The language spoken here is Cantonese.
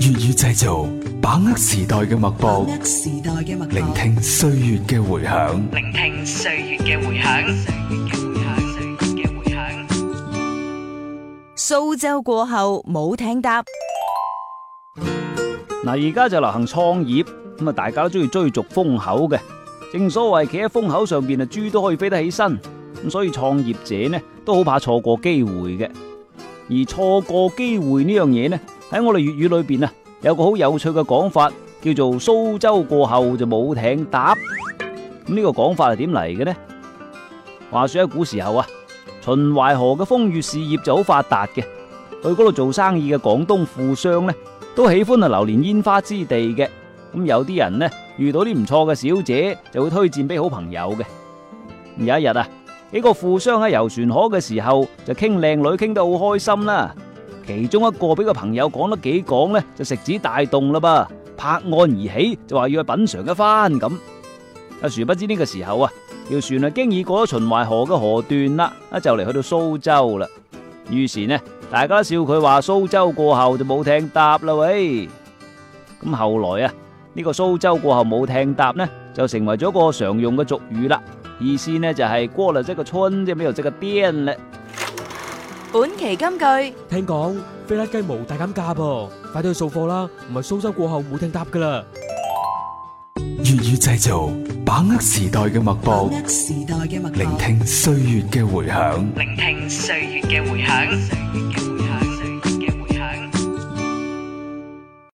粵語製造，把握時代嘅脈搏，聆聽歲月嘅回響。聆聽歲月嘅回響。蘇州過後冇艇搭，嗱，而家就流行創業，咁啊，大家都中意追逐風口嘅。正所謂企喺風口上邊啊，豬都可以飛得起身。咁所以創業者呢，都好怕錯過機會嘅。而錯過機會呢樣嘢呢，喺我哋粵語裏邊啊，有個好有趣嘅講法，叫做蘇州過後就冇艇搭。咁呢個講法係點嚟嘅呢？話說喺古時候啊，秦淮河嘅風月事業就好發達嘅，去嗰度做生意嘅廣東富商呢，都喜歡啊流連煙花之地嘅。咁有啲人呢，遇到啲唔錯嘅小姐，就會推薦俾好朋友嘅。有一日啊，呢個富商喺遊船河嘅時候，就傾靚女，傾得好開心啦。其中一個俾個朋友講得幾講咧，就食指大動啦噃，拍案而起就話要去品嘗一番咁。阿、啊、殊不知呢個時候啊，條船啊經已過咗秦淮河嘅河段啦，啊就嚟去到蘇州啦。於是呢，大家笑佢話蘇州過後就冇艇搭啦喂。咁、啊、後來啊，呢、這個蘇州過後冇艇搭呢，就成為咗個常用嘅俗語啦。意思呢就係、是、過了這個村，就沒有這個店嘞。本期金句，聽講飛甩雞毛大減價噃，快啲去掃貨啦！唔係蘇州過後冇艇搭噶啦。粵語製造，把握時代嘅脈搏，聆聽歲月嘅回響。